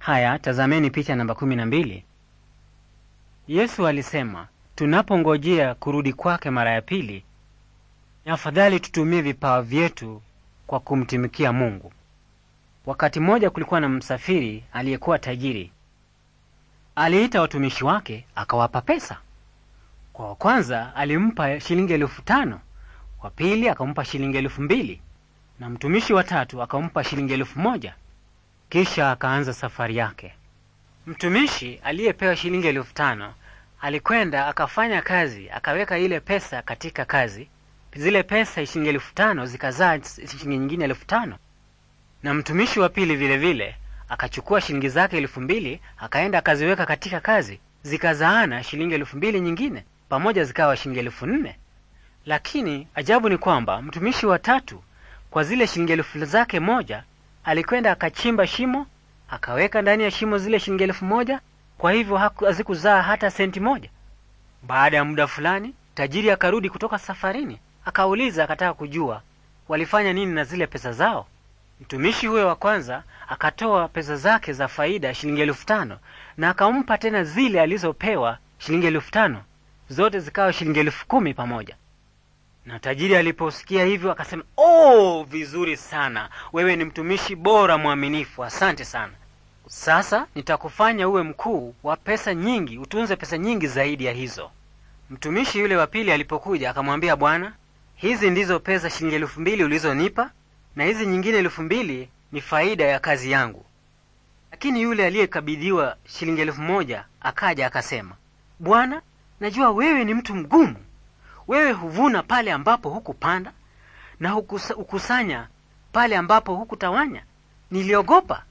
Haya, tazameni picha namba kumi na mbili. Yesu alisema tunapongojea kurudi kwake mara ya pili, ni afadhali tutumie vipawa vyetu kwa kumtumikia Mungu. Wakati mmoja kulikuwa na msafiri aliyekuwa tajiri. Aliita watumishi wake akawapa pesa. Kwa wa kwanza alimpa shilingi elfu tano, wa pili akampa shilingi elfu mbili na mtumishi wa tatu akampa shilingi elfu moja. Kisha akaanza safari yake. Mtumishi aliyepewa shilingi elfu tano alikwenda akafanya kazi, akaweka ile pesa katika kazi. Zile pesa shilingi elfu tano zikazaa shilingi nyingine elfu tano na mtumishi wa pili vilevile vile, akachukua shilingi zake elfu mbili akaenda akaziweka katika kazi, zikazaana shilingi elfu mbili nyingine, pamoja zikawa shilingi elfu nne Lakini ajabu ni kwamba mtumishi wa tatu kwa zile shilingi elfu zake moja alikwenda akachimba shimo akaweka ndani ya shimo zile shilingi elfu moja kwa hivyo hazikuzaa hata senti moja. Baada ya muda fulani, tajiri akarudi kutoka safarini, akauliza, akataka kujua walifanya nini na zile pesa zao. Mtumishi huyo wa kwanza akatoa pesa zake za faida shilingi elfu tano na akampa tena zile alizopewa shilingi elfu tano zote zikawa shilingi elfu kumi pamoja. Na tajiri aliposikia hivyo akasema, oh, vizuri sana, wewe ni mtumishi bora mwaminifu, asante sana. Sasa nitakufanya uwe mkuu wa pesa nyingi, utunze pesa nyingi zaidi ya hizo. Mtumishi yule wa pili alipokuja akamwambia, bwana, hizi ndizo pesa shilingi elfu mbili ulizonipa na hizi nyingine elfu mbili ni faida ya kazi yangu. Lakini yule aliyekabidhiwa shilingi elfu moja akaja akasema, bwana, najua wewe ni mtu mgumu wewe huvuna pale ambapo hukupanda na hukusanya pale ambapo hukutawanya. Niliogopa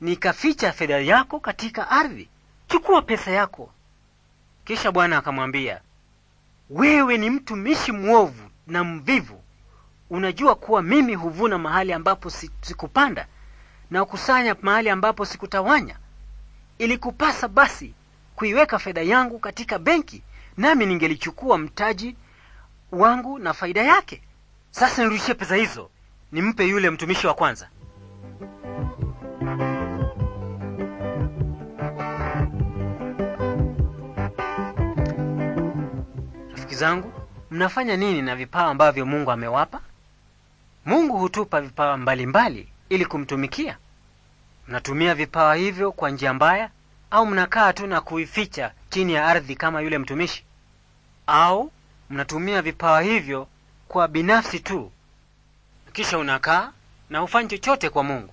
nikaficha fedha yako katika ardhi. Chukua pesa yako. Kisha bwana akamwambia, wewe ni mtumishi mwovu na mvivu. Unajua kuwa mimi huvuna mahali ambapo sikupanda na kusanya mahali ambapo sikutawanya. Ilikupasa basi kuiweka fedha yangu katika benki nami ningelichukua mtaji wangu na faida yake. Sasa nirudishie pesa hizo, nimpe yule mtumishi wa kwanza. Rafiki zangu, mnafanya nini na vipawa ambavyo Mungu amewapa? Mungu hutupa vipawa mbalimbali ili kumtumikia. Mnatumia vipawa hivyo kwa njia mbaya, au mnakaa tu na kuificha chini ya ardhi kama yule mtumishi? au mnatumia vipawa hivyo kwa binafsi tu, kisha unakaa na hufanyi chochote kwa Mungu.